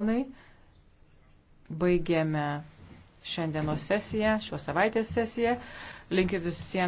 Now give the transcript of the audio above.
ponai, baigėme šiandienos sesiją, šios savaitės sesiją. Linkiu visiems.